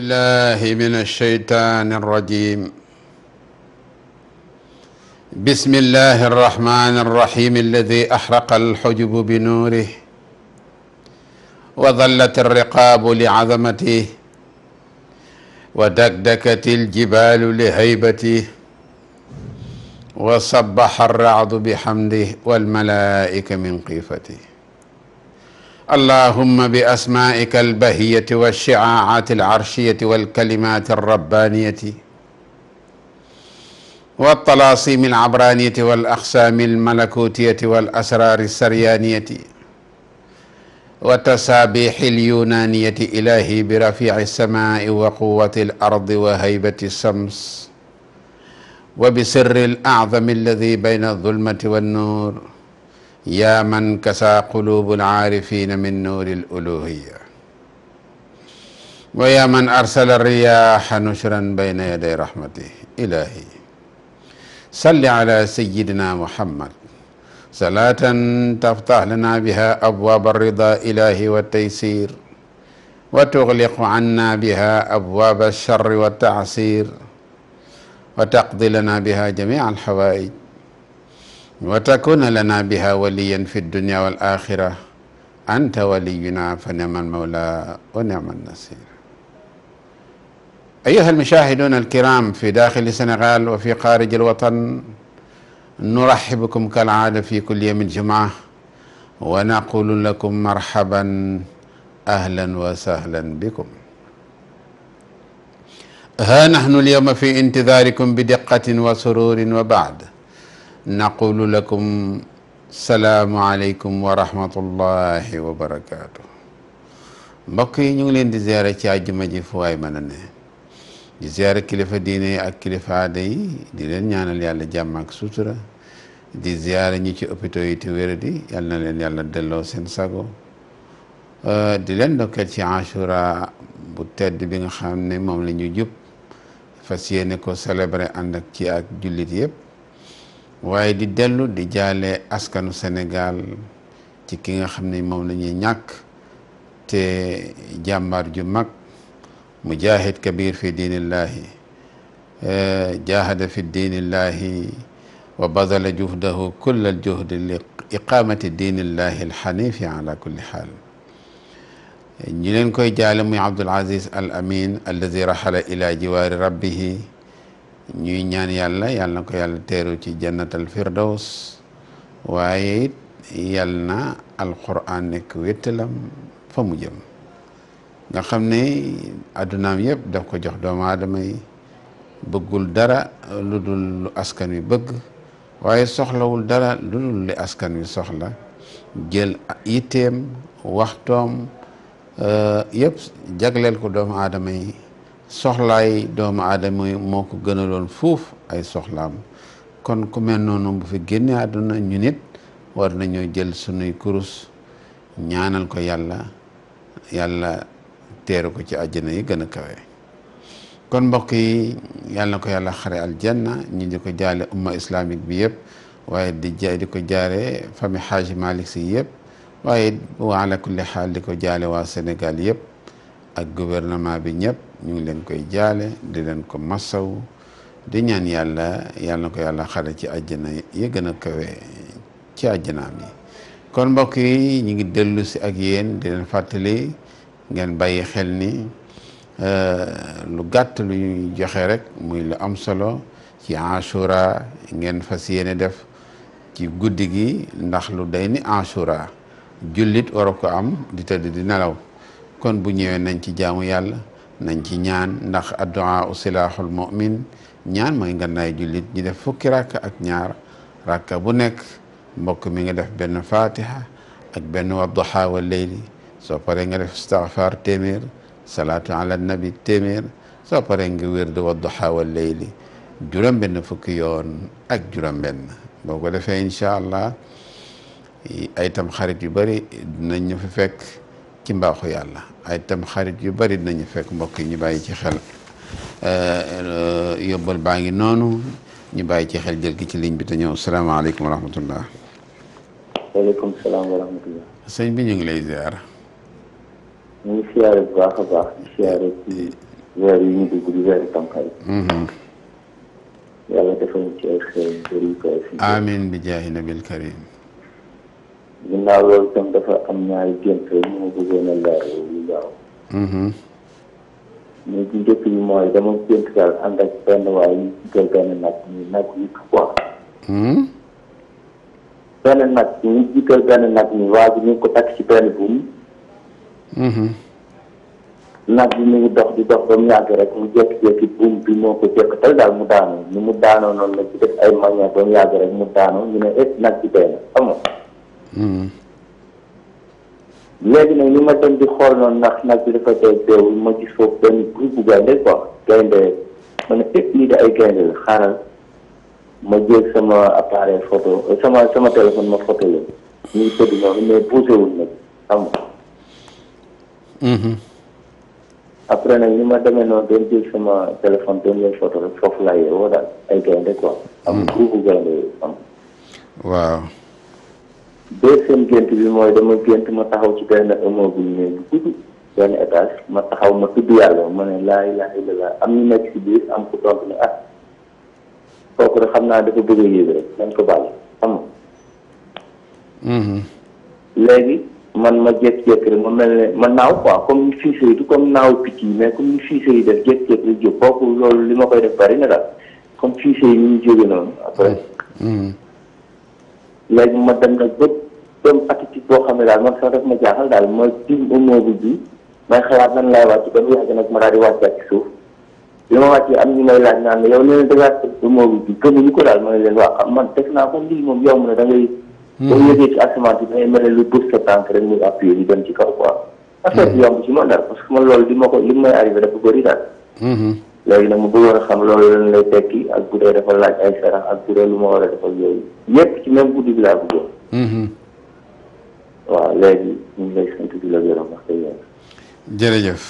بالله من الشيطان الرجيم بسم الله الرحمن الرحيم الذي أحرق الحجب بنوره وظلت الرقاب لعظمته ودكدكت الجبال لهيبته وصبح الرعد بحمده والملائكة من قيفته اللهم بأسمائك البهية والشعاعات العرشية والكلمات الربانية والطلاسيم العبرانية والأقسام الملكوتية والأسرار السريانية وتسابيح اليونانية إلهي برفيع السماء وقوة الأرض وهيبة الشمس وبسر الأعظم الذي بين الظلمة والنور yaa man kasa qulubu alaarifina min nuuri aluluhiya wa yaa man arsala riyaha nushran bayna yaday rahmati ilahi salli ala sayidina muhammad salaatan taftah lana biha abwaab alrida ilahi waltaysir wa tugliqu anna biha abwaab alcharri waltacsir wa taqdi lana biha jamica alxawaaij wa takuna lana biha waliyan fi dunia wal axira anta waliyuna fa nimal mawla wa nimal nasir أيها المشاهدون الكرام في داخل السنغال وفي خارج الوطن نرحب بكم كالعادة في كل يوم الجمعة ونقول لكم مرحبا أهلا وسهلا بكم ها نحن اليوم في انتظاركم بدقة وسرور وبعد naqulu lakum salaam wa rahmatullahi wa barakaatu. mbokk yi ñu ngi leen di ziare ci àjjuma ji fu waay mën a ne di ziare kilifa diine ak kilifa aada yi di leen ñaanal yàlla jàmm ak sutura di ziare ñi ci hôpitaux yi te wéradi yàlla delloo seen sago euh, di leen ndokkeel ci ashura bu tedd bi nga xam ne moom la ñu jub fas yéene ko célébrer ànd ci ak jullit yëpp. waaye di dellu di jaale askanu Sénégal ci ki nga xam ne moom la ñuy ñàkk te jàmbaar ju mag mujahid kabir fi diinillahi jahada fi diinillahi wa badala juhdahu kulla aljuhdi li iqamati diinillahi alxanifi ala kulli xaal ñi leen koy jaale muy Abdul Aziz al Amin allazi raxala ila jiwaari rabbihi ñuy ñaan yàlla yàlla na ko yàlla teeru ci jannatal firdaws waaye it yàll na alquran nekk wéttalam fa mu jëm nga xam ne addunaam yëpp daf ko jox doomu aadama yi bëggul dara lu dul lu askan wi bëgg waaye soxlawul dara lu dul li askan wi soxla jël yitteem waxtoom euh, yëpp jagleel ko doomu aadama yi soxlaay doomu aadama moo ko gënaloon foofu ay soxlaam kon ku noonu bu fi génne àdduna ñu nit war nañoo jël sunuy kurus ñaanal ko yàlla yàlla teeru ko ci àjjana yi gën a kawe kon mbokk yi yàlla ko yàlla xare aljanna ñi di ko jaale umma islamique bi yëpp waaye di ja di ko jaare famille Haaji Malick si yëpp waaye waala kulli xaal di ko jaale waa Sénégal yëpp ak gouvernement bi ñëpp ñu ngi leen koy jaale di leen ko massaw di ñaan yàlla yàlla na ko yàlla xare ci àjjana ya gën a kawe ci àjjanaam yi kon mbokk yi ñu ngi dellu si ak yéen di leen fàttali ngeen bàyyi xel ni euh, lu gàtt lu ñuy joxe rek muy lu am solo ci Ashura ngeen fas yéene def ci guddi gi ndax lu day ni Ashura jullit war ko am di tëdd di nelaw kon bu ñëwee nañ ci jaamu yàlla nañ ci ñaan ndax addu'a u silaaxul mu'min ñaan mooy ngannaay jullit ñi def fukki rakk ak ñaar rakka bu nekk mbokk mi nga def benn fatiha ak benn wadduha wa leyli soo paree nga def istighfar téeméer salaatu ala nabi téeméer soo paree nga wér di wadduha wa leyli juróom benn fukki yoon ak juróom benn boo ko defee incha allah ay tam xarit yu bëri ñu fi fekk ci mbaaxu yàlla ay tam yu bari nañu fekk mbokk yi ñu bàyyi ci xel eh, eh, yóbbal baa ngi noonu ñu bàyyi ci xel jël gi ci ligne bi te ñëw salaamaaleykum wa rahmatullah salaam wa rahmatullah sëñ bi ñu ngi lay ziar baax a baax di siyaare ci weer yi ñu dugg di weeru tamxarit mm-hmm. yàlla ginnaaw naa itam dafa am ñaari gént ñu ma bëggoon a leer yu gaaw mm-hmm. mais bu njëkk bi mooy dama gént daal ànd ak benn waay ñu jiital benn nag ñu nag huit quoi mm-hmm. benn nag ko takk ci benn buum mm-hmm. nag bi mu ngi dox di dox ba mu yàgg rek mu jékki-jékki buum bi moo ko jékk tey mu daanoo ni mu daanoo noonu la ci def ay manière ba mu yàgg rek mu daanoo ñu ne et eh, nag ci benn xam léegi nag ni ma dem di xool noonu ndax nag bi dafa dee beewul ma gis foofu benn groupe gaynde quoi gaynde ma ne ëpp eh, lii de ay gaynde la xaaral ma jël sama appareil photo sama sama téléphone ma photo leen mais bougé wul nag xam mm-hmm. après nag ni ma demee noonu doon jël sama téléphone doon leen photo rek foofu laa yeewoo daal ay gaynde quoi am mm. groupe gaynde waaw deuxième gént bi mooy dama gént ma taxaw ci benn immeuble néeg bu gudd benn ma taxaw ma tudd yàlla ma ne laa ilaha laa am ñu nekk ci biir am ku tontu ne ah kooku rek xam naa dafa bëgg a yéeg rek dañ ko bàyyi xam nga mm-hmm. léegi man ma jékki-jékki rek ma mel ne ma naaw quoi comme ni fiise yi du comme naaw picc yi mais comme ni fiise yi def jékki-jékki rek jóg kooku loolu li ma koy def bari na comme fiise yi ni ñu jóge noonu après mm-hmm. Mm-hmm. léegi ma dem nag ba dem attitude boo xam ne daal man sax def ma jaaxal daal ma tiim immeuble bi may xalaat nan laay wàcc ba mu yàgg nag ma daal di wàccaat ci suuf li ma wàccee am ñu may laaj naan ne yow nee na dangaa teg immeuble bi ko daal ma ne leen waa ah man teg naa ko lii moom yomb na da ngay. Hmm. boo yëgee ci asamaan bi da ngay mel ne lu bës sa tànk rek muy appuyé di dem ci kaw quoi. Hmm. affaire bi yomb ci man daal parce que man loolu li ma ko li bu arrivé dafa bëri daal. Hmm. léegi nag mu bëggoon a xam loolu lan lay tekki ak bu dee dafa laaj ay sarax ak bu dee lu ma war a defal yooyu yépp ci même guddi bi laa bëggoon. Mm-hmm. waaw léegi ñu ngi lay sant di la gërëm wax dëgg yàlla. jërëjëf.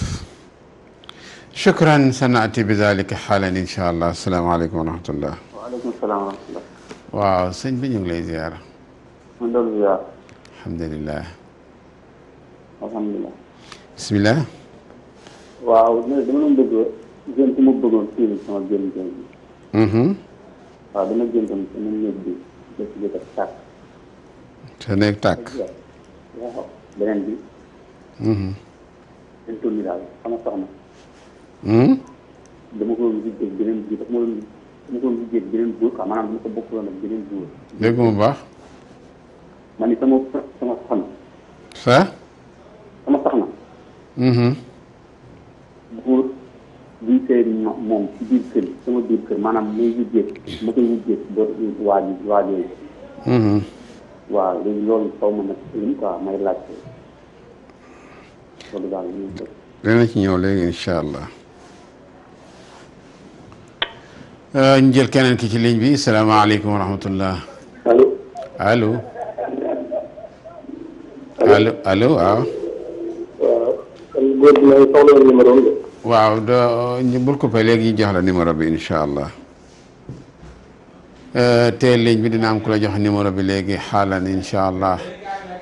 shukran sanaati bi zalika xaalan incha allah asalaamaaleykum wa rahmatullah. waaleykum salaam wa rahmatullah. waaw sëñ bi ñu ngi lay ziyaara. ma doon ziyaara. alhamdulilah. alhamdulilah. bisimilah. waaw dama doon bëgg. gént mu bëggoon fii nii sama gént gént. Mm-hmm. waaw dama géntoon sama néeg bi dëkk bi daf tàkk. sa néeg tàkk. waaw beneen bi. seen tool yi daal sama soxna. Mm-hmm. dama ko doon liggéey beneen bi dama ko doon dama ko doon liggéey beneen buur quoi maanaam dama ko bokkaloon ak beneen buur. dégg mu baax. ma ni sama sama soxna. sa. sama soxna. Mm-hmm. sëy moom ci biir kër sama biir kër maanaam muy wujjee ma koy wujjee ba waa ji waa jooju mm-hmm. waaw léegi loolu xaw ma nag lin quoi may laajte loolu daal ñu ko dana ci ñëw léegi incha allah euh, ñu jël keneen ki ci ligne bi salaamaaleykum wa rahmatullah allo allo allo allo waaw waaw góor gi may soxla numéro bi waaw ñu bul coupé léegi ñu jox la numéro bi incha allah euh, te ligne bi dina am ku la jox numéro bi léegi xaalan incha allah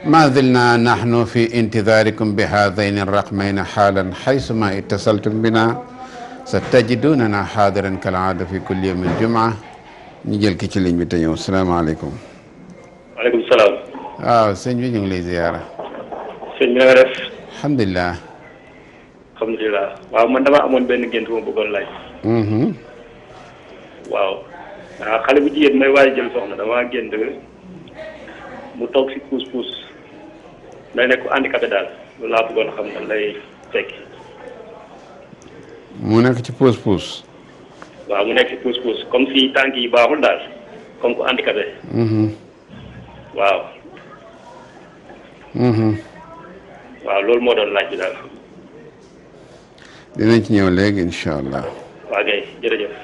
ma zilna nahnu fi intidarikum bi hadayn raqmayn xaalan xaysuma ittasaltum bina sa tajidunana xaadiran kal aada fi kulli yawm aljumaa ñu jël ki ci ligne bi te ñëw salaamaaleykum waaleykum salaam waaw sëñ bi ñu ngi lay ziyaara sëñ bi na nga def alhamdulilah alhamdulilah waaw man damaa amoon benn gént bu ma bëggoon laaj. Mhm. waaw ah xale bu jigéen may waaj jël soxna damaa gént mu toog si puus puus day nekk handicapé daal loolu laa bëggoon xam ne lay fekk. mu nekk ci puus puus. waaw mu nekk ci puus puus comme si tànk yi baaxul daal comme ku handicapé. Mhm. waaw. Mhm. waaw loolu moo doon laaj bi daal. dinañ ci ñëw léegi incha allah. waaw kay jërëjëf.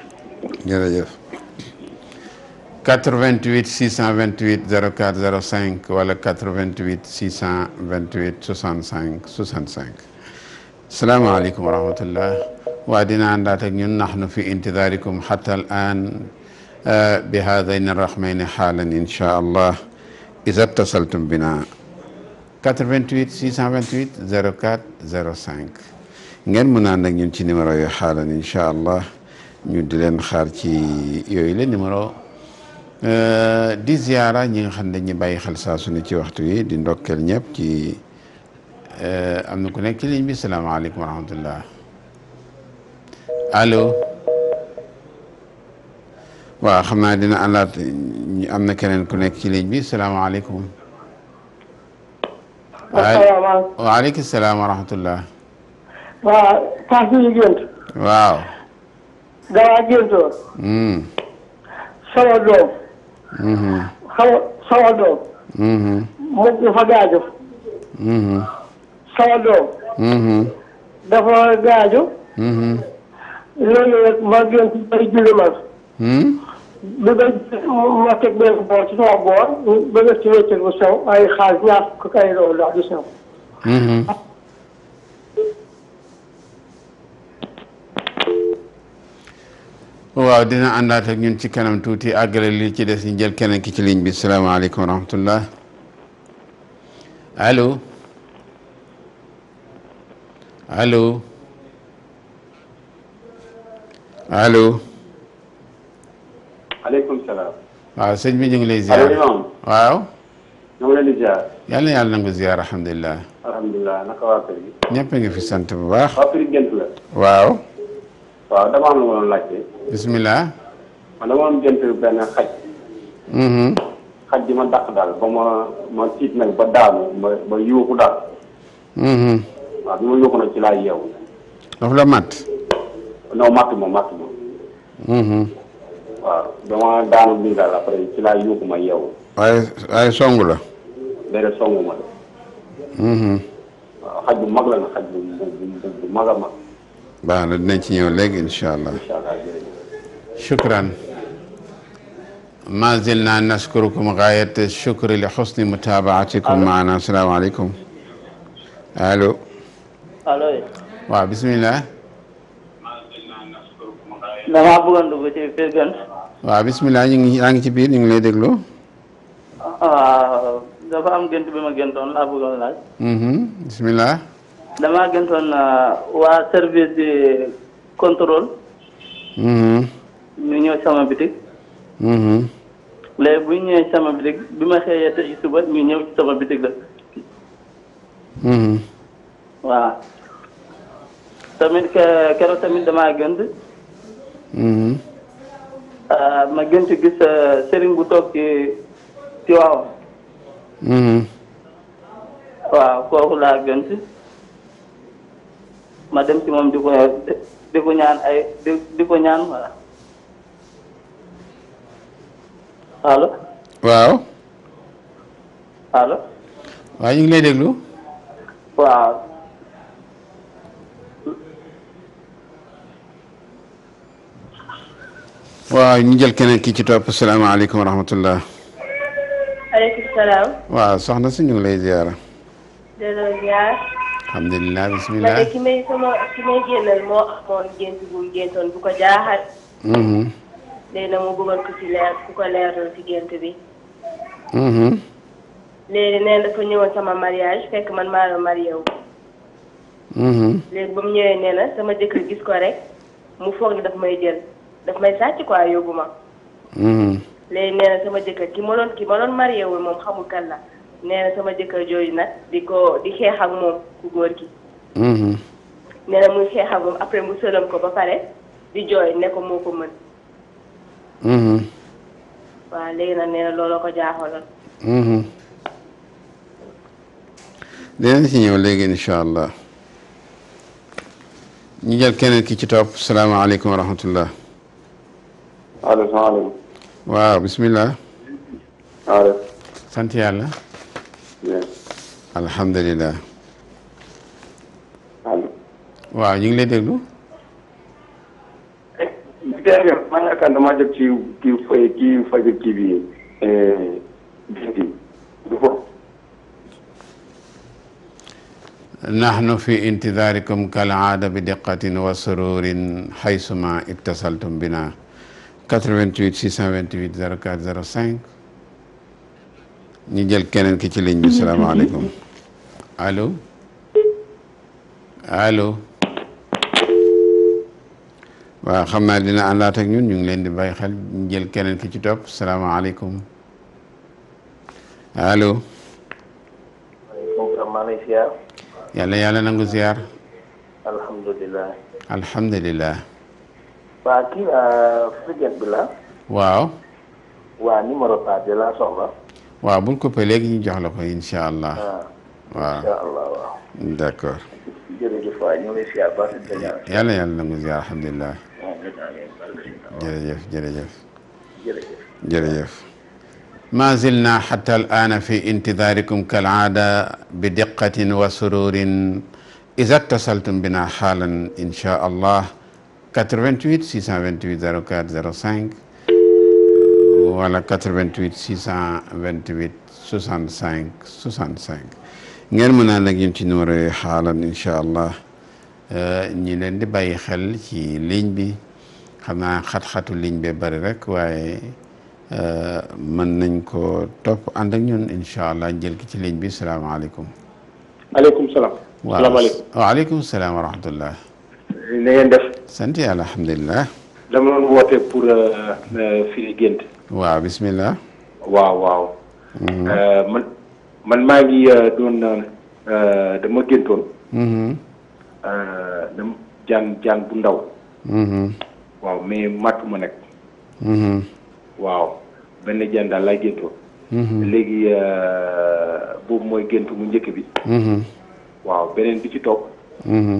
jërëjëf. 88 628 04 05 wala 88 628 65 65. salaamaaleykum wa rahmatullah. waa dina àndaat ak ñun naxnu fi intidaarikum xata al aan eh, bi haadayn arrahmayni xaalan incha allah iza tasaltum bina 88 628 04 05. ngeen mën a ànd ak ñun ci numéro yooyu xaalan incha allah ñu di leen xaar ci yooyu la numéro euh, di ziara ñi nga xam ne dañuy bàyyi xel saa su ci waxtu wi di ndokkeel ñëpp ci euh, am na ku nekk ci ligne bi salaamaaleykum wa rahmatullah allo waaw xam naa dina àndaat am na keneen ku nekk ci ligne bi salaamaaleykum. wa salaam wa waaw tax bi ñu gént. waaw. dawaa géntoon. Hmm. sama doom. sama hmm. sama doom. Hmm. mu dafa gaaju. sama doom. dafa gaaju. loolu rek ma gént bay julli man. bi ba ma teg benn boor ci sama boor ba def ci wéccet bu sew ay xaalis ñaar ko kay loolu ndax du sew. waaw dina àndaat ak ñun ci kanam tuuti àggale li ci des ñu jël keneen ki ci ligne bi salaamaaleykum wa rahmatullah allo allo allo. salaam. waaw sëñ bi ñu ngi lay ziar waaw. ñu ngi leen nangu ziar alhamdulilah. alhamdulilah naka waa kër gi. ñëpp a fi sant bu baax. waa bisimilah. man dama am jënd benn xaj. Mm-hmm. xaj bi ma dàq daal ba ma ma tiit nag ba daanu ma ma daal. Mm-hmm. waaw bi ma yuuxu nag ci laa yeewu. dafa la matt. mat matt ma matt ma. Mm-hmm. waaw dama daanu bi daal après ci laa yuuxu ma yeewu. waaye waaye song la. déedéet songu ma la. waaw bu mag la nag xaj bu bu bu mag a mag. baax na dinañ ci ñëw léegi incha allah. shukran ma zilna nashkurukum gaayata shukri li husni mutabaatikum maana assalaamu aleykum allo allo waaw bismillah damaa bëggoon dugg ci biir waaw bismillah ñu ngi yaa ngi ci biir ñu ngi lay déglu waaw dafa am gént bi ma géntoon laa bëggoon laaj bismillah damaa géntoon waa service de contrôle ñu ñëw sama bitig. Mm-hmm. léegi bu ñu ñëwee sama bitig bi ma xëyee tey suba ñu ñëw sama bitig la. waaw mm-hmm. tamit keroog tamit damaa gënt. Mm-hmm. Euh, ma gënt gis euh, sëriñ bu toog ci ci waawam. waaw kooku laa gënt ma dem ci moom di ko di ko ñaan ay di di ko ñaan wala. allo. waaw. allo. waaw ñu ngi lay déglu. waaw. waaw ñu jël keneen kii ci topp salaamaaleykum wa rahmatullah. aleykum salaam. waaw soxna si ñu lay ziara. delloo ziar. alhamdulilah bisimilah. ki may ki may génnal moo amoon gént bu mu géntoon bu ko léegi nag mu bëggoon ko ci leer ku ko leeral ci gént bi. léegi mm-hmm. nee dafa ñëwoon sama mariage fekk man maa la marié wu. Mm-hmm. léegi ba ñëwee nee na sama jëkkër gis ko rek mu foog ne daf may jël daf may sàcc quoi yóbbu ma. Mm-hmm. léegi nee na sama jëkkër ki ma doon ki ma doon marié moom xamul kal la nee na sama jëkkër jooju nag di ko di xeex moom ku góor gi. nee na muy xeex ak moom après mu sëlam ko ba pare di jooy ne ko moo ko mën. Mm-hmm. waaw léegi nag nee na ko jaaxaloon. Mm-hmm. dinañ si léegi incha allah ñu jël keneen ki ci topp salaamaaleykum wa rahmatullah. waaleykum salaam. waaw bisimilah. waaleykum. sant ñu ngi lay déglu. PRF maa ngi yaakaar damaa jot ci kii fay kii faj kii bi bindi eh, du foofu nahnu fi intidaarikum kal aada bi diqqatin wa sururin xaysuma ittasaltum bina 88 628 04 05 ñu jël keneen ki ci ligne bi salaamaaleykum allo allo waaw xam naa dina àndaat ak ñun ñu ngi leen di bàyyi xel keneen ki ci topp salaamaaleykum allo. yàlla yàlla nangu ziar. alhamdulilah. alhamdulilah. waa euh, waaw. waaw bul coupé léegi ñu jox la ko incha allah. Ah, waaw incha allah waaw. d' accord. jërëjëf waay jërëjëf jërëjëf jërëjëf ma zilna xata al aana fi intidaarikum kal aada bi diqatin wa sururin ida tasaltum bina xaalan inchaa allah 88 628 04 05 wala 88 628 65 65 ngeen mën naa la gim ci numéro yi xaalan inchaa allah Euh, ñi leen di bàyyi xel ci ligne bi xam naa xat-xatu bi bari rek waaye euh, mën nañ ko topp ànd ak ñun incha ki ci ligne bi salaamaaleykum. maaleykum salaam. salaamaaleykum waaw salaam wa rahmatullah. na ngeen def. sant yàlla alhamdulilah. dama doon Euh, dama jaan jaan bu ndaw. Mm-hmm. waaw mais màttu ma nag. Mm-hmm. waaw benn jaan daal laay géntoo. Mm-hmm. léegi euh, boobu mooy gént mu njëkk bi. waaw beneen bi ci toog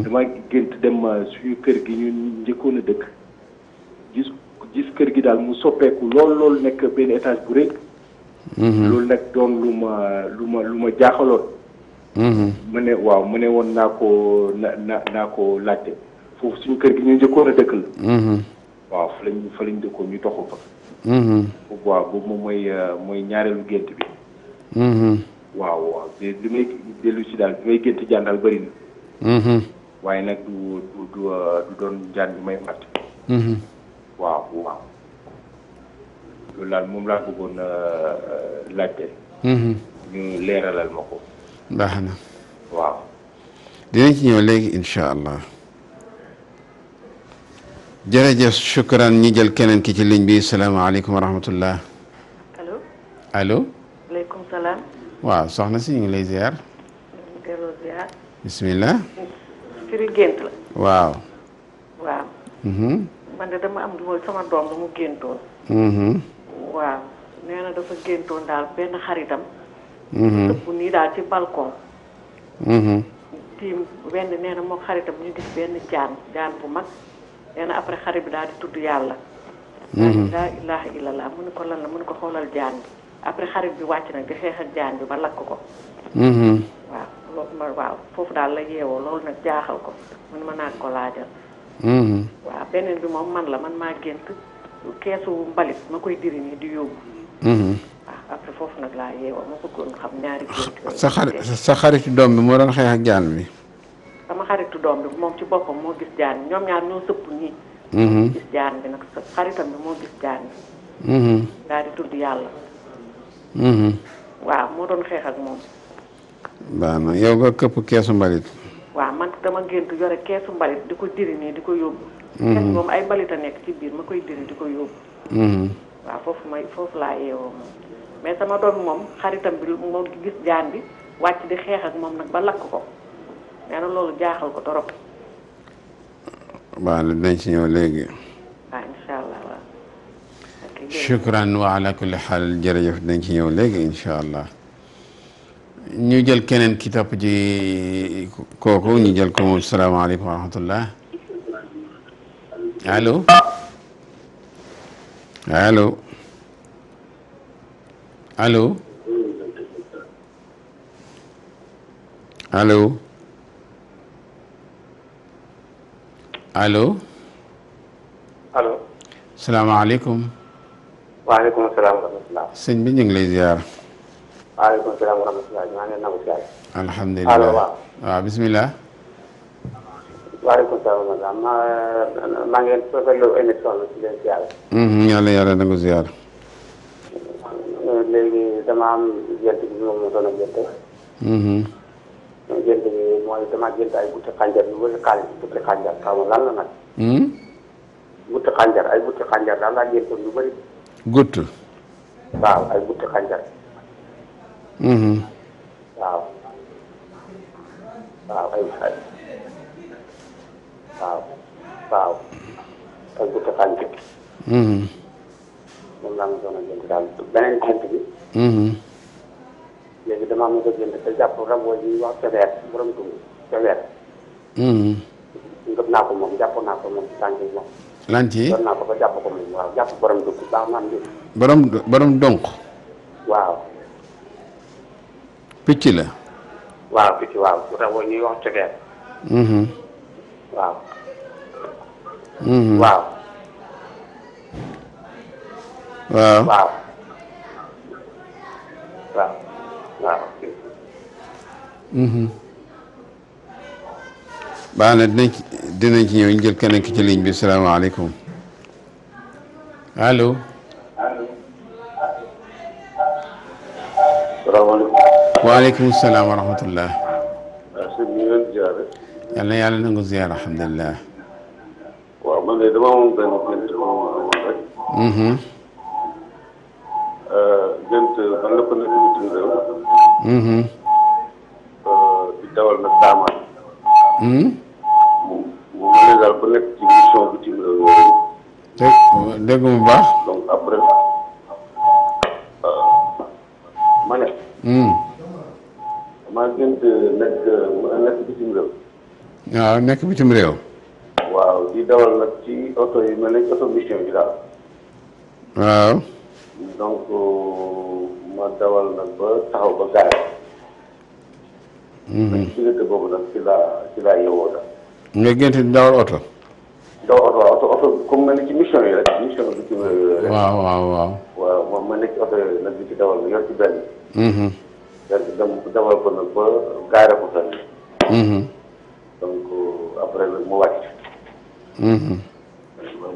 dama gént dem euh, suñu kër gi ñu njëkkoon a dëkk. gis gis kër gi daal mu soppeeku lool lool nekk benn étage bu rëy. loolu nag doon lu ma lu ma lu ma jaaxaloon. Mm-hmm. mu ne waaw mu ne woon naa koo na naa ko laajte foofu suñu kër gi ñu njëkkoon a dëkk la. Mm-hmm. waaw fa lañ fa ñu toxu fa. Mm-hmm. waaw boobu moom mooy euh, mooy ñaareelu gént bi. waaw waaw li may dellu si daal li may gént jaan daal waaye nag du du euh, doon jaan may mat. waaw waaw. loolu daal moom laa bëggoon euh, laajte. ñu leeralal ma ko. baax na. waaw. dinañ ci ñëw léegi incha allah. jërëjëf shukran ñi jël keneen ki ci ligne bi salaamaaleykum wa rahmatullah. allo. allo. waaleykum salaam. waaw soxna si ñu ngi lay ziar. ñu ngi delloo ziar. bisimilah. firi gént la. waaw. waaw. Mhm. man de dama am lu ma sama doom bu mu géntoon. Mhm. waaw nee na dafa géntoon daal benn xaritam. dëpp mm-hmm. nii daal ci balcon. tiim mm-hmm. benn nee na moo xaritam ñu gis benn jaan jaan bu mag nee na après xarit bi daal di tudd yàlla. Mm-hmm. laa ilaaha illallah mu ne ko lan la mu ne ko xoolal jaan bi après xarit bi wàcc nag di xeex jaan bi ba lakk ko. waaw foofu daal la yeewoo loolu nag jaaxal ko man ma naa ko laajal. waaw beneen bi moom man la man maa gént keesu mbalit ma koy diri nii di yóbbu. Ah, après foofu nag laa yeewoo ma bëggoon xam ñaari gént sa xarit sa xaritu doom bi moo doon xeex ak jaan bi sama xaritu doom bi moom ci boppam moo gis jaan bi ñoom ñaar ñoo sëpp nii mm-hmm. gis jaan bi nag sa xaritam bi moo gis jaan bi mm-hmm. daal di tudd yàlla mm-hmm. waaw moo doon xeex ak moom baax na yow këpp keesu mbalit waaw man dama gént yore keesu mbalit di ko diri nii di ko yóbbu kees moom ay mbalit a nekk ci biir ma koy diri di ko yóbbu waaw foofu laa yeewoo moom mais sama doom moom xaritam bi moo gis jaan bi wàcc di xeex ak moom nag ba lakk ko nee loolu jaaxal ko torop waaw dinañ ci ñëw léegi. waaw incha allah waaw. wa ala kulli xaal jërëjëf dinañ ci ñëw léegi incha allah. ñu jël keneen ki topp ci kooku ñu jël ko moom salaamaaleykum wa rahmatullah allo allo allo allo. allo. salaamaaleykum. waaleykum salaam wa rahmatulah. sëñ bi ñu ngi lay ziar. waaleykum salaam wa rahmatulah. alhamdulilah waaw bisimilah. waaleykum salaam wa rahmatulah maa maa ngi leen rafetlu émission bi ci leen ziar. yàlla mm-hmm, yàlla na ko ziar. léegi dama am gént bi moom moo doon a gént. gént mm-hmm. bi mooy dama gént ay butti xànjar yu bëri xaaj butti xànjar xaw ma lan la nag. Mm-hmm. butti xànjar ay butti xànjar daal laa géntoon lu bëri. gutt. waaw ay butti xànjar. waaw. waaw ay ay. waaw waaw tey jii dafa am gerte. moom daal beneen jant bi. Mm-hmm. léegi damaa mën ko jënd te jàpp rabo yi wax cëbeer borom dugub cëbeer. ngëb mm-hmm. naa ko moom jàpp naa ko moom si tànk ci doon jàpp ko moom waaw jàpp borom dugub baax naa njëkk. borom borom waaw. picc waaw picc waaw rabo ñuy wax cëbeer. Mhm. waaw. waaw. waaw. waaw. waaw. waaw. Mhm. baax na dinañ ci dinañ ci ñëw ñu jël keneen ki ci ligne bi salaamaaleykum allo. salaamaaleykum. waaleykum salaam wa rahmatullah. yal na nangu ziyaar alhamdulilah. waaw man de dama amoon benn gént moom rek. gént mm-hmm. euh, man la ko nekk mm-hmm. euh, dawal nag saamaan. Mm-hmm. mu mu ne daal ku nekk ci mission bitim yooyu. dégg mu baax. donc après euh, ma ne. Mm. maa gént nekk nekk bitim réew. waaw nekk bitim réew. waaw di dawal nag ci oto yi mel ni oto mission bi daal. waaw. donc euh, ma dawal nag ba taxaw ba gaare. mais mhm. ci diggante boobu nag ci laa ci laa yeewoo daal. nga gént di oto. dawal oto oto comme mel ni mission yi rek mission bitim réew rek. waaw waaw waaw. ma nekk oto yooyu nag di ci dawal yor ci mhm. ci dem dawal ko nag ba gaare ko fenn. Mhm. après nag mu wàcc. man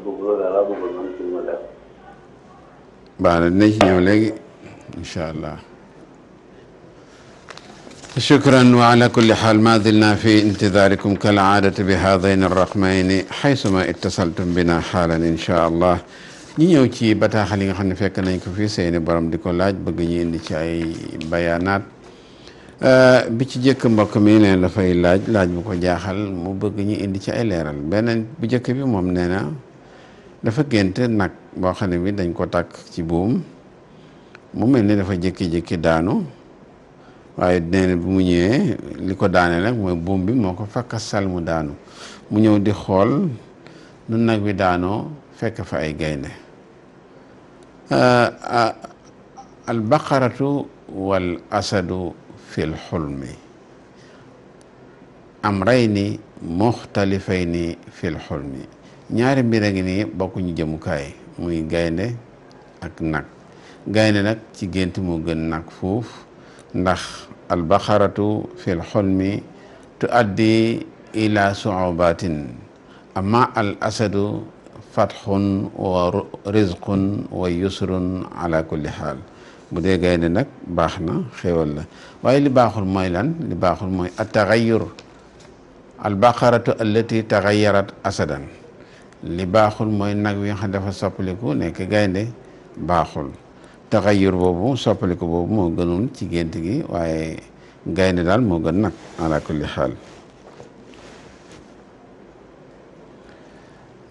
boobu loolu daal laa bëggoon man ci ma def. baax na dinañ ci ñëw léegi incha allah. شكرا وعلى كل حال ما زلنا في انتظاركم كالعادة بهذين الرقمين حيثما اتصلتم بنا حالا إن شاء الله ñi ñëw ci bataaxal yi nga xam ne fekk nañ ko fii seeni borom di ko laaj bëgg ñu indi ci ay bayaanaat Euh, bi ci jëkk mbokk mi ne dafay laaj laaj bu ko jaaxal mu bëgg ñu indi ci ay leeral beneen bu jëkk bi moom nee na dafa gént nag boo xam ne bi dañ ko takk ci buum mu mel ni dafa jékki-jékki daanu waaye nee bi mu ñëwee li ko daanee nag mooy buum bi moo ko fakka sal mu daanu mu ñëw di xool nu nag bi daanoo fekk fa ay gaynde euh, albaqaratu wal asadu fil xulmi amrayni muxtalifayni fil xulmi ñaari mbir a ngi nii bokkuñu jëmukaay muy gaynde ak nag gaynde nag ci gént moo gën nag fuuf ndax albaxaratu fil xulmi tu addi ila suubatin amma al asadu fatxun wa rizqun wa yusrun ala kulli xaal bu de gaynde nag baax na xéewal la waaye li baaxul mooy lan li baaxul mooy a taxayur al baqaratu taxayarat asadan li baaxul mooy nag wi nga xam dafa soppaliku nekk gaynde baaxul taxayur boobu soppaliku boobu moo gënul ci gént gi waaye gaynde daal moo gën nag ala kulli xaal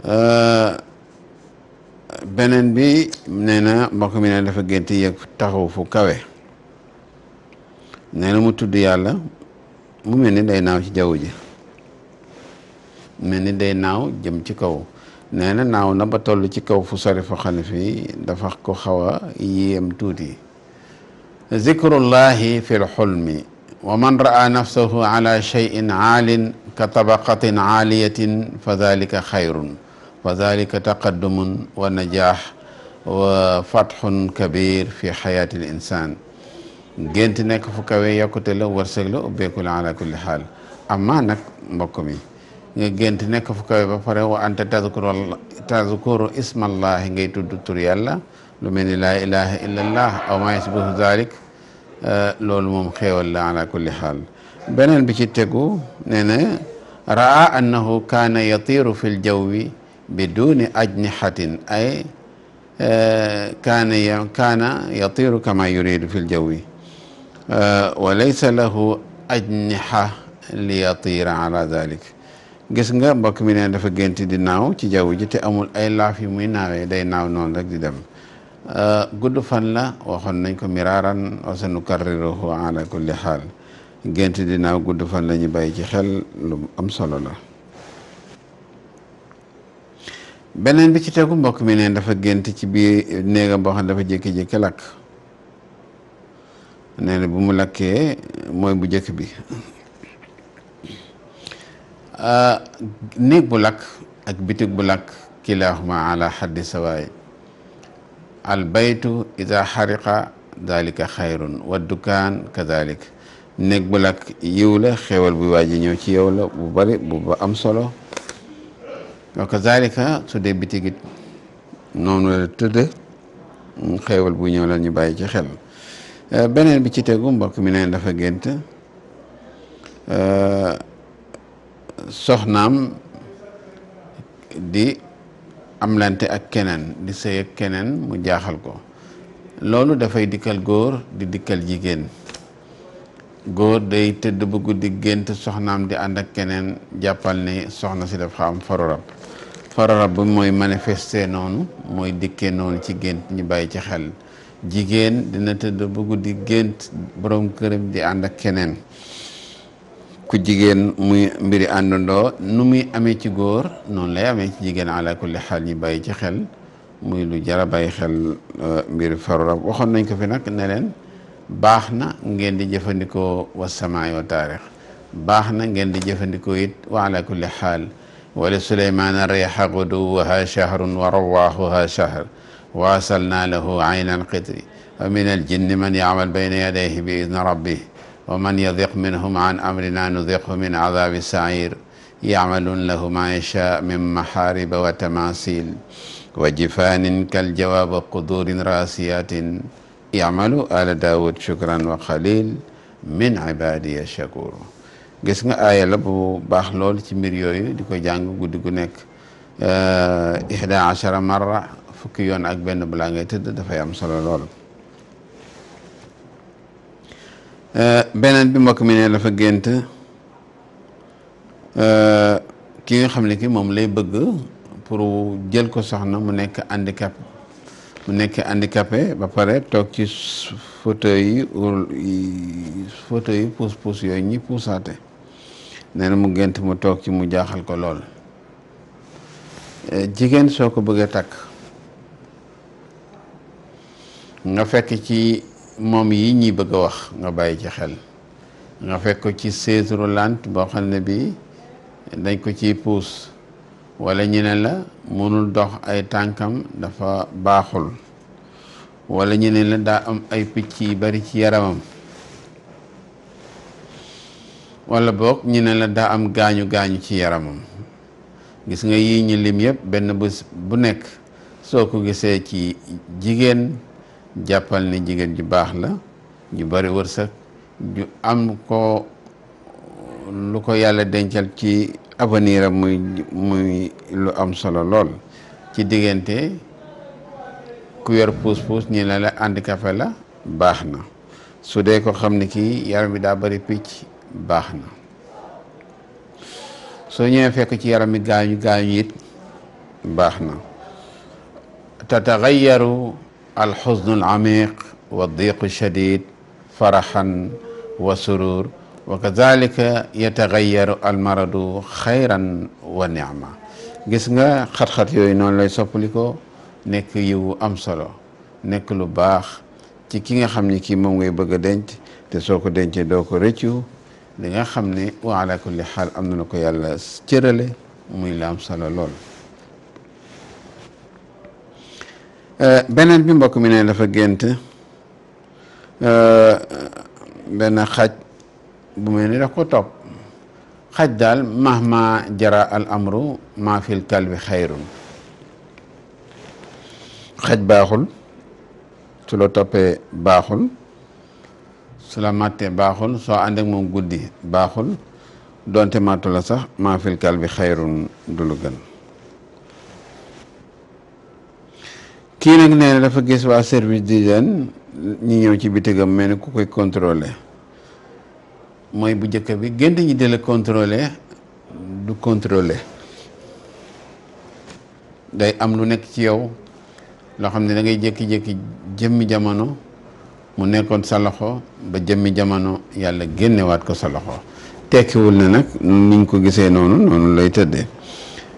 euh, beneen bi nee na mbokk mi ne dafa gént yëg taxaw fu kawe nee na mu tudd yàlla mu mel ni day naaw ci jaww ji mel ni day naaw jëm ci kaw nee na naaw na ba toll ci kaw fu sori foo xam ne fii dafa ko xaw a yéem tuuti zikrullahi fi lxulmi wa man raa nafsahu ala cheyin aalin ka tabaqatin aaliyatin fa dalika xayrun wa dalika taqaddumun wa najaax wa fatxun kabir fi xayaatil insaan gént nekk fu kawe yokkute la wërsëg la ubbeeku la ala kulli xaal amma nag mbokk mi nga gént nekk fu kawe ba pare wa anta tadkuru tadkuru ismallahi ngay tudd tur yàlla lu mel ni laa ilaha illa allah aw ma yasbihu dalik eh, loolu moom xéewal la ala kulli xaal beneen bi ci tegu nee na raa annahu kaana yatiru fi l jawwi biduni ajnihatin ay kaana kaana yatiru kama yuridu fi ljawi wa laysa lahu ajniha li yatira ala dalik gis nga mbokk mi ne dafa gént di naaw ci jaww ji te amul ay laaf yu muy naawee day naaw noonu rek di dem euh, gudd fan la waxoon nañ ko miraaran wa sanukarriruhu ala kulli xaal gént di naaw gudd fan la ñu bàyyi ci xel lu am solo la beneen bi ci tegu mbokk mi neen dafa gént ci biir néegam boo xam ne dafa jékki-jékki lakk nee na mu lakkee mooy bu jëkk bi ah, néeg bu lakk ak bitig bu lakk kilaahuma ala xaddi sawaay al baytu ida xariqa dalika xayrun wa dukaan kadalik néeg bu lakk yiw la xéewal bu waaji ñëw ci yow la bu bari bu am solo wa kazalika su dee bitig it noonu la tëdd xéewal bu ñëw la ñu bàyyi ci xel euh, beneen bi ci tegu mbokk mi neen dafa gént euh, soxnaam di amlante ak keneen di sëy ak keneen mu jaaxal ko loolu dafay dikkal góor di dikkal jigéen góor day tëdd bu guddi gént soxnaam di ànd ak keneen jàppal ni soxna si dafa am farorab fararab bi mooy manifester noonu mooy dikke noonu ci gént ñu bàyyi ci xel jigéen dina tëdd ba guddi gént borom këram di ànd ak keneen ku jigéen muy mbiri àndandoo nu muy amee ci góor noonu lay amee ci jigéen ala kulli xaal ñu bàyyi ci xel muy lu jara bàyyi xel euh, mbiri fararab waxoon nañ ko fi nag ne leen baax na ngeen di jëfandikoo wa wasamaayoo taarix baax na ngeen di jëfandikoo it wa ala xaal wali suleymaana riixa guduwwaha shahrun wa rawaaxuha shahr wa asalna lahu ayna alqitri wa min aljinni man yacmal bayna yadayhi bi idni rabbih wa man yadiq minhum an amrina nudiqhu min cadaabi saciir yacmaluun lahu maa yashaa min maxaariba wa tamaasiil wa jifaanin kaljawaab wa quduurin raasiyaatin yacmalu aala daawud shukran wa qalil min cibaadiya shakuur gis nga aaya la bu baax lool ci mbir yooyu di ko jàng guddi gu nekk eh, ihda achara marra fukki yoon ak benn balaa ngay tëdd dafay am solo lool eh, beneen bi mbokk mi ne dafa gént eh, ki nga xam ne ki moom lay bëgg pour jël ko soxna mu nekk handicap mu nekk handicapé ba pare toog ci fauteuil yi fauteuil yi yooyu ñi poussaate nee mu gént mu toog ci mu jaaxal ko lool eh, jigéen soo ko bëggee takk nga fekk ci moom yi ñuy bëgg a wax nga bàyyi ci xel nga fekk ko ci chaise roulante boo xam ne bii dañ ko ci puus wala ñeneen la mënul dox ay tànkam dafa baaxul wala ñeneen la daa am ay picc yu bari ci yaramam walla boog ñu ne la daa am gaañu gaañu ci yaramam gis nga yii ñi lim yëpp benn bés bu nekk soo ko gisee ci jigéen jàppal ni jigéen ju baax la ju bari wërsëg ju am ko lu ko yàlla dencal ci avenir muy muy lu am solo lool ci diggante ku yor puus-puus ñi ne la handicapé la baax na su dee ko xam ni kii yaram bi daa bari picc baax na soo ñëwee fekk ci yaram gaañu gaañu it baax na tatagayaru alxusnu alamiq wa diqu shadid faraxan wa surur wa kazalika yatagayaru almaradu xayran wa nicma gis nga xat-xat yooyu noonu lay soppaliko nekk yiwu am solo nekk lu baax ci ki nga xam ni kii moom ngay bëgg a denc te soo ko dencee doo ko rëccu li nga xam ni wa ala kulli xaal ko yàlla cërale muy la am solo lool euh, beneen bi mbokk mi ne dafa génte euh, benn xaj bu mel ni ko topp xaj daal mahma jara al amru ma fil kalbi xayrun xaj baaxul su la toppee baaxul su la màttee baaxul soo ànd moom guddi baaxul donte màttu la sax maa filkal bi xayrun du lu gën kii nag nee dafa gis waa service d'hygiène ñi ñëw ci bitigam mel ni ku koy contrôler mooy bu njëkk bi gént ñi di la du contrôler day am lu nekk ci yow loo xam ne dangay ngay jékki-jékki jëmmi jamono mu nekkoon sa loxo ba jëmmi jamono yàlla génnewaat ko sa loxo tekkiwul ne nag niñ ko gisee noonu noonu lay tëddee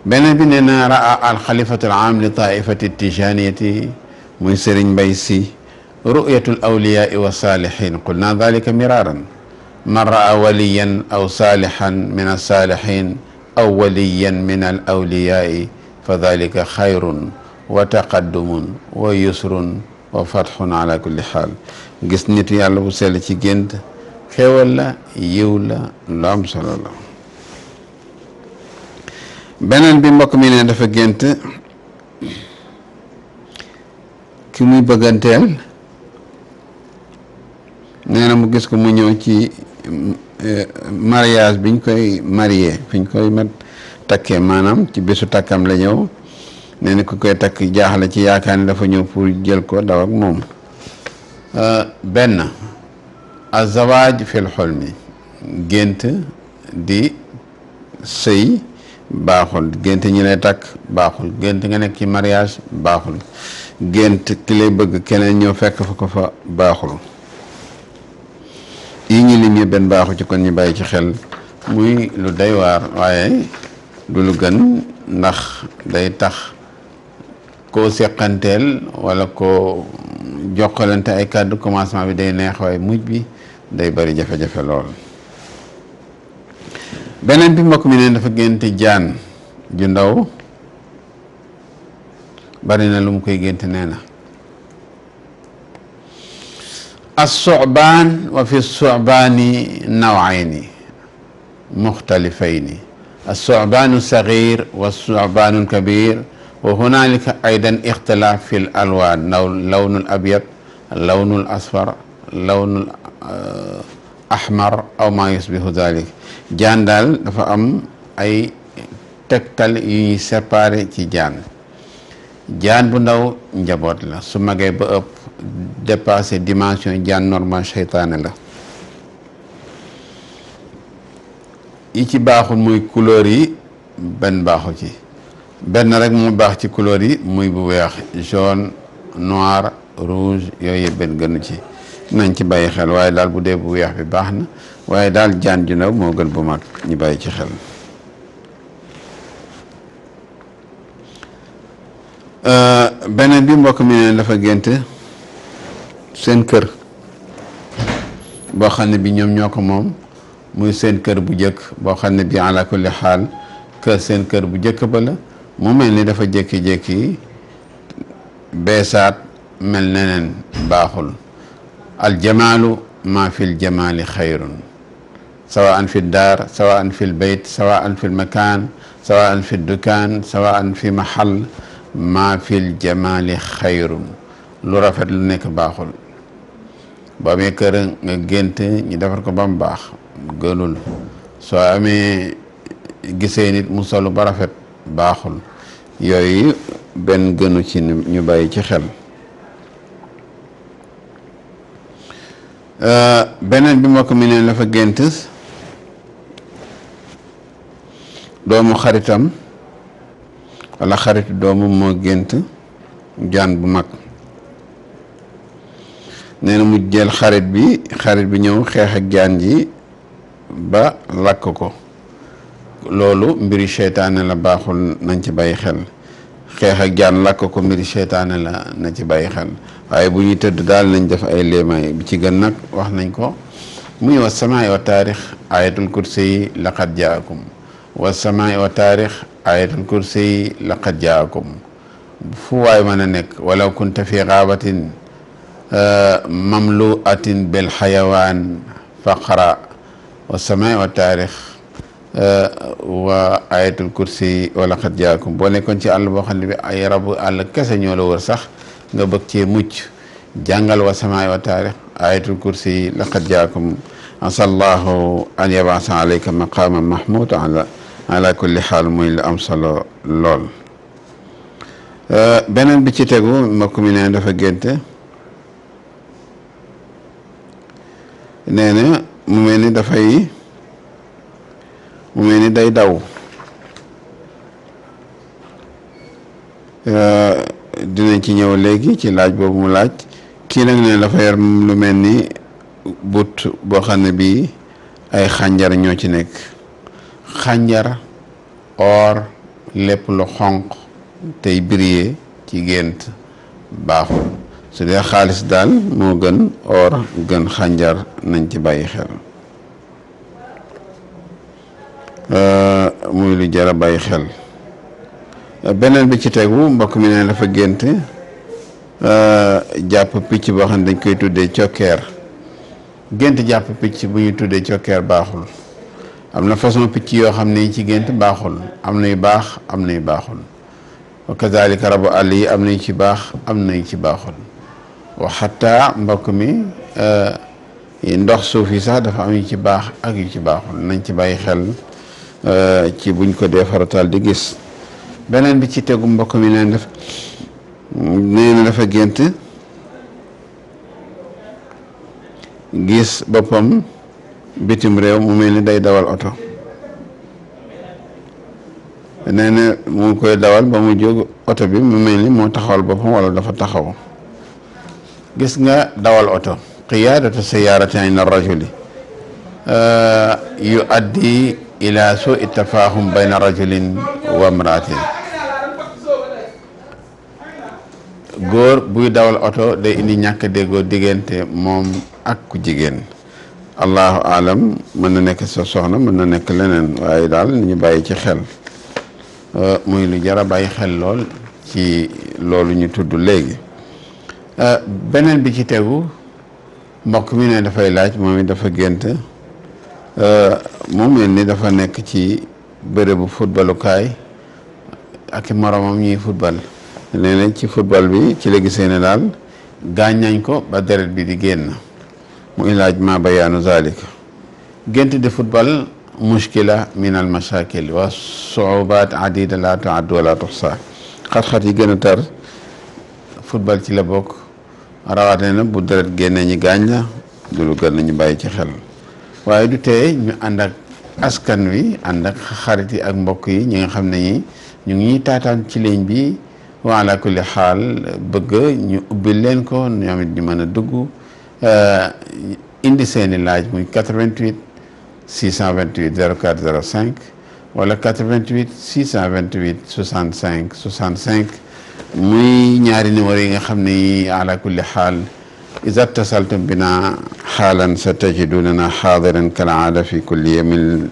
beneen bi nee na raa alxalifatu al aam li taifati tijaniyati muy sëriñ mbay si ru'yatu al awliyaai wa saalihin qulna dalika miraaran man raa waliyan aw saalihan min alsaalihin aw waliyan min al awliyaai fa dalika xayrun wa taqaddumun wa yusrun wa fatxun ala kulli xaal gis nitu yàlla bu sell ci gént xéewal la yiw la lu am solo beneen bi mbokk mi ne dafa gént ki muy bëgganteel nee mu gis ko mu ñëw ci eh, mariage biñ koy marié fiñ koy mat takkee maanaam ci bésu takkam la ñëw nee na ku koy takk jaaxle ci yaakaar ni dafa ñëw pour jël ko daw ak moom euh, benn azawaaj fil xolmi gént di sëy baaxul gént ñi lay takk baaxul gént nga nekk ci mariage baaxul gént ki lay bëgg keneen ñëw fekk fa ko fa baaxul yi ñu lim benn baaxul ci kon ñu bàyyi ci xel muy lu day waar waaye du lu gën ndax day tax koo seqanteel wala koo jokkalante ay kàddu commencement bi day neex waaye mujj bi day bari jafe-jafe lool beneen bi mbokk mi ne dafa génte jaan ju ndaw bari na lu mu koy gént nee na assobaan wa fi sobaani nawayni muxtalifayni assobaanu sagir wa sobaanu kabir wa hunaalika aydan ixtilaaf fi l alwaan law lawnul abyad lawnul asfar lawnul eh, ahmar aw maa yusbihu dalik jaan daal dafa am ay tekkal yu ñuy séparé ci jaan jaan bu ndaw njaboot la su magee ba ëpp dépassé dimension jaan normal seytaane la yi ci baaxul muy couleur yi benn baaxu ci benn rek mu baax ci couleur yi muy bu weex jaune noir rouge yooyu yëpp gënu ci nañ ci bàyyi xel waaye daal bu dee bu weex bi baax na waaye daal jaan ju ndaw moo gën bu mag ñu bàyyi ci xel euh, beneen bi mbokk mi ne dafa gént seen kër boo xam ne bi ñoom ñoo ko moom muy seen kër bu jëkk boo xam ne bi ala kulli xaal kër seen kër bu jëkk ba la mu mel ni dafa jékki-jékki beesaat mel neneen baaxul aljamaalu maa fil jamaali xayrun sawaan fi daar sawaan fi lbayt sawaan fi lmakaan sawaan fi dukaan sawaan fi mahal maa fil jamaali xayrun lu rafet lu nekk baaxul boo amee kër nga gént ñu defar ko ba baax gënul soo amee gisee nit mu solu ba rafet baaxul yooyu benn gënu ci ñu bàyyi ci xel euh, beneen bi mbokk mi neen dafa gént doomu xaritam wala xaritu doomu moo gént jaan bu mag nee na mu jël xarit bi xarit bi ñëw xeex ak jaan ji ba lakk ko loolu mbiri seytaane la baaxul nañ ci bàyyi xel xeex ak jaan làkk ko mbiri seytaane la na ci bàyyi xel waaye bu ñuy tëdd daal nañ def ay léemaay bi ci gën nag wax nañ ko muy wa samaay wa taarix ayatul kursi yi laqad jaakum wa samaay wa taarix ayatul kursi yi laqad jaakum fu waay mën a nekk walaw kunta fi xaabatin mamluatin bil xayawaan faqra wa samaay wa Euh, waa ayatul kursi wala xat jaakum boo nekkoon ci àll boo xam ne bi ay rabu àll kese ñoo la wër sax nga bëgg cee mucc jàngal wa samaay wa taarix ayatul kursi laqad jaakum asallahu an yabasa alayka maqaama mahmud ala ala kulli xaal muy lu am solo lool euh, beneen bi ci tegu mbokk mi nee dafa génte nee na mu mel ni dafay mu mel ni day daw euh, dinañ ci ñëw léegi ci laaj boobu mu laaj kii nag ne dafa yor lu mel ni but boo xam ne bii ay xànjar ñoo ci nekk xànjar or lépp lu xonq tey briller ci gént baaxul su dee xaalis daal moo gën or gën xànjar nañ ci bàyyi xel Euh, muy lu jar a bàyyi xel beneen bi ci tegu mbokk mi ne dafa gént euh, jàpp picc boo xam ne dañ koy tuddee cokkeer gént jàpp picc bu ñuy tuddee cokkeer baaxul am na façon picc yoo xam ne yi ci gént baaxul am na yu baax am na yu baaxul wa kazalika rabu àll yi am na yu ci baax am na yu ci baaxul wa mbokk mi euh, ndox suuf yi sax dafa am yu ci baax ak yu ci baaxul nañ ci bàyyi xel Euh, ci buñ ko dee di gis beneen bi ci tegu mbokk mi neen def nee na gént gis boppam bitim réew mu mel ni day dawal oto nee na mu ngi koy dawal ba mu jóg oto bi mu mel ni moo taxawal boppam wala dafa taxaw gis nga dawal oto qiyaadatu sayyaaratin inda rajuli euh, yu addi ila soo ittafaahum bayna rajulin wa imraatin góor buy dawal oto day indi ñàkk déggoo diggante moom ak ku jigéen allahu aalam mën na nekk sa soxna mën na nekk leneen waaye daal ni ñu bàyyi ci xel euh, muy lu jara bàyyi xel lool ci loolu ñu tudd léegi euh, beneen bi ci tegu mbokk mi ne dafay laaj moom it dafa gént Euh, mu mel ni dafa nekk ci bërëbu footballukaay ak moromam ñuy football nee ci football bi ci la gisee ne daal gaañ nañ ko ba deret bi di génn mu ilaaj ma bayaanu zalik gént di football mushkila min al mashakil wa suubat adida la tuaddu wala tuxsa xat-xat yi gën a tar football ci la bokk rawaate na bu deret génne ñi gaañ la du lu gën nañu bàyyi ci xel waaye du te ñu ànd ak askan wi ànd ak xarit yi ak mbokk yi ñu nga xam ne ñi ñu ngi taataan ci ligne bi wa ala kulli xaal bëgg ñu ubbi leen ko ñoom it di mën a dugg eh, indi seeni laaj muy vingt 88 628 04 05 wala 88 628 65 65 muy ñaari numéro yi nga xam ne yi ala xaal ida tasaltum bina xaalan sa tajidunana xaadiran kalaada fi kulli yawmil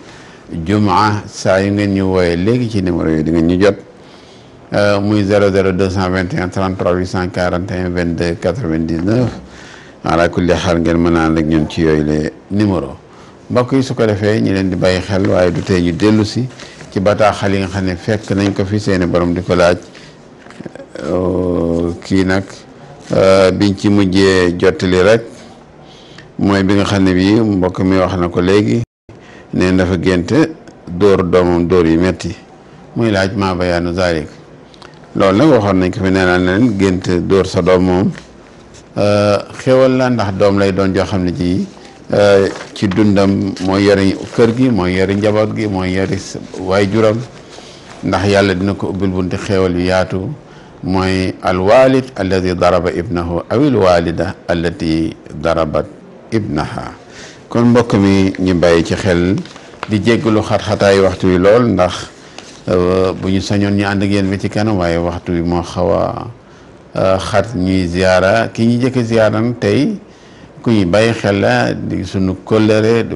jumaa saa yu ngeen ñu wooyee léegi ci numéro yi di ngeen ñu jot euh, muy 00 221 33 841 22 99 ala kulli xaal ngeen mën a ñun ci yooyu le numéro mbokk yi su ko defee ñu leen di bàyyi xel waaye du tey ñu dellu si ci bataaxal yi nga xam ne fekk nañ ko fi seeni borom di ko laaj euh, kii nag Euh, biñ ci mujjee jottali rek mooy bi nga xam ne bii mbokk mi wax na ko léegi neen dafa génte dóor doomam dóor yu metti muy laaj maa bayaanu zaalik loolu na waxoon nañ ko fi nee naa leen gént dóor sa doom moom euh, xéwal la ndax doom lay doon joo xam ne ji euh, ci dundam mooy yori kër gi mooy yari njaboot gi mooy yori waay juram ndax yàlla dina ko ubbil bunti xéwal yu yaatu mooy alwalid alladi daraba ibnahu aw alwalida allati darabat ibnaha kon mbokk mi ñu bàyyi ci xel di jéggalu xat-xataay waxtu wi lool ndax euh, bu ñu sañoon ñu ànd ak yéen ci kanam waaye waxtu wi moo xaw a euh, xat ñuy ziyaara ki ñu jëkk ziyaaran tey ku ñu bàyyi xel la di sunu kóllëre di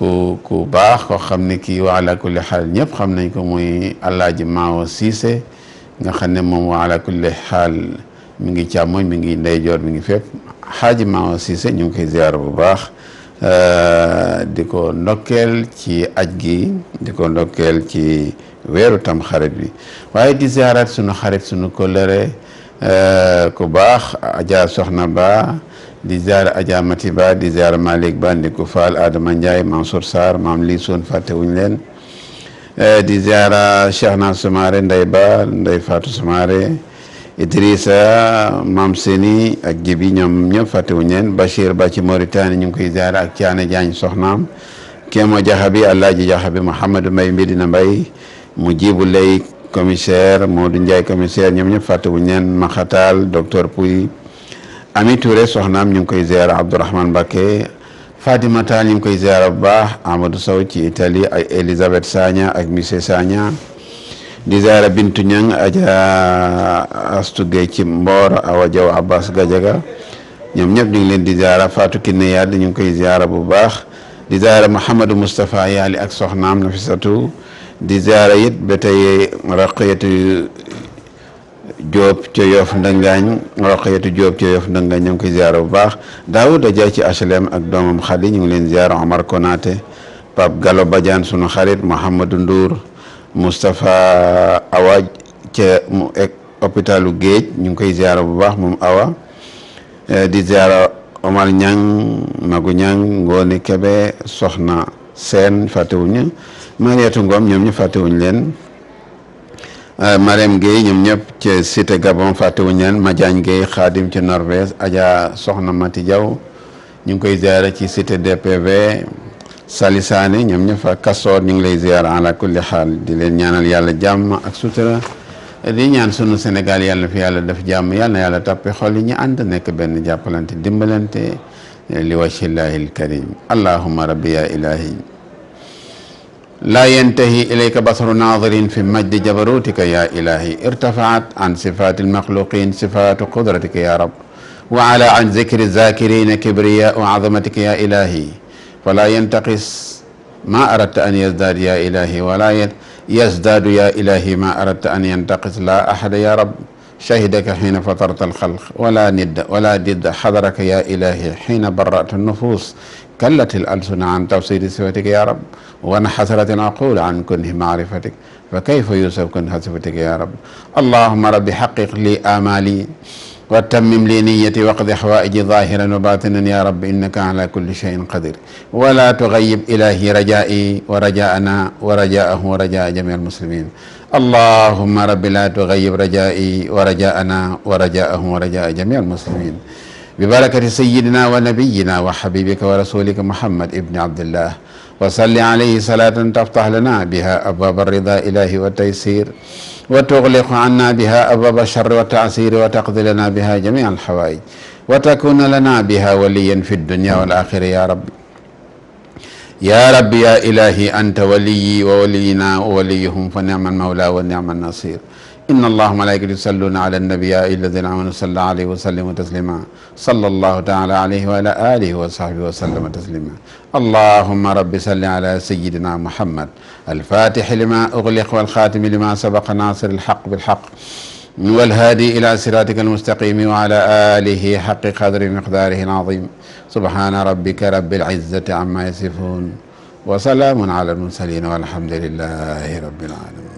ku baax koo xam ne kii wa ala kulli ñëpp xam nañ ko muy Alaaji Maawo Siise nga xam ne moom wa ala kulli xaal mi ngi càmmoñ mi ngi ndeyjoor mi ngi fépp xaaji Maama Cissé ñu ngi koy bu baax euh, di ko ndokkeel ci aj gi di ko ndokkeel ci weeru tam xarit bi waaye di ziyaaraat sunu xarit sunu kolëre euh, ku baax Adja Soxna Ba di ziyaar ajaa Mati Ba di ziyaar Malick Ba Ndiku Fall Adama Ndiaye Mansour Sarr maam lii soon fàtte wuñ leen Eh, di ziara Cheikhna Soumaré nday Ba nday faatu Soumaré Idrissa Mam Seni ak Jibi ñoom ñëpp fàttewuñu leen Bachir Ba ci Mauritanie ñu ngi koy ziara ak Thiané Diagne soxnaam Kémo Jaxabi Alaaji Jaxabi Mouhamadou Mbay Medina Mbay mu jibu lay commissaire Modou Ndiaye commissaire ñoom ñëpp fàttewuñu leen Maxatal docteur Pouy Ami Touré soxnaam ñu ngi koy ziara Abdourahmane Mbacké Fatima Tall ñu ngi koy ziara bu baax amadu Sow ci Italie ay Elisabeth Sagna ak monsieur Sagna di ziara Bintu Ñang Aja Astugay ci Mboor Awa Jaw Abbas Gajaga ñoom ñëpp ñu ngi leen di ziara Fatou Kiné Yade ñu ngi koy ziara bu baax di ziara Mouhamadou Moustapha Yaali ak soxnaam Nafisatu di ziara it ba tey Raqiyatu Diop ca Yoff Ndangaañ Roqeetu Diop ca Yoff Ndangaañ ñoo ngi koy ziar bu baax Daawuda Jaay ci HLM ak doomam Xali ñu ngi leen ziar Omar Konaté Pape Gallo Badiane sunu xarit Mouhamadou Ndour Moustapha Awa ca hôpitalu Géej ñu ngi koy ziar bu baax moom Awa eh, di ziar Omar Ñang Magu Ñang Ngoone Kebe Soxna Seen fàttewuñu Mariatu ngoom ñoom ñu fàttewuñ leen Euh, Marème Gueye ñoom ñëpp ca Cité Gabon fàttewuñu leen Madiagne Gueye Khadim ca Norvège Adja Soxna Mati Diaw ñu ngi koy ziara ci Cité DPV Sali Sané ñoom ñëpp fa Kasoor ñu ngi lay ziara ala kulli xaal di leen ñaanal yàlla jàmm ak sutura di ñaan sunu Sénégal yàlla fi yàlla def jàmm yàlla na yàlla tàppe xol yi ñu ànd nekk benn jàppalante dimbalante li wajhillaahil kariim allahumma rabbi yaa laa yantahi ilayka basaru naadirin fi majdi jabarutika ya ilahi irtafaat an sifati almaxluqin sifatu qudratika ya rab wa ala an zikri zakirina kibriya wa azamatika ya ilahi fala yantaqis ma aradta an yazdaad ya ilahi wala yazdaadu ya ilahi ma aradta an yantaqis la ahada ya rab shahidaka xiina fatarta alxalq wala nidda wala didda xadaraka ya ilahi xiina barrata nufus kallatil alsunu an tafsiri sifatik ya rab wa nxasaratil aqul an kunhi maarifatik fa kayfa yusaf kun hasifatik ya rab allahuma rabbi xaqiq li amali wa tammim li niyyati waqdi xawaaiji zahiran wa batinan ya rab innaka ala kulli cheyin qadir wala tugayib ilahi rajai wa rajaana wa rajaahu wa rajaa jami almuslimin allahuma rabbi la tugayib rajai wa rajaana wa rajaahu wa rajaa jami almuslimin bi barakati sayidina wa nabiyina wa xabibika wa rasulika muhammad ibni abdillah wa salli alayhi salaatan taftah lana biha abwaaba rida ilahi wa taysir wa tugliqu anna biha abwaaba charri wa taasiri wa taqdi lana biha jamia alxawaij wa takuna lana biha waliyan fi dunya wal axira ya rabbi ya rabbi ya ilahi anta waliyi wa waliyina wa waliyuhum fa nicma almawla wa nicma annasir inna allaha malaikatu yusalluna ala annabiya alladina amanu salla alayhi wa sallima taslima salla allahu taala alayhi wa ala alihi wa sahbihi wa sallama taslima allahumma rabbi salli ala sayidina muhammad alfatixi lima ugliq walxaatimi lima sabaqa nasir alxaq bilxaq والهادي إلى صراطك المستقيم وعلى آله حق قدر مقداره العظيم سبحان ربك رب العزة عما يصفون وسلام على المرسلين والحمد لله رب العالمين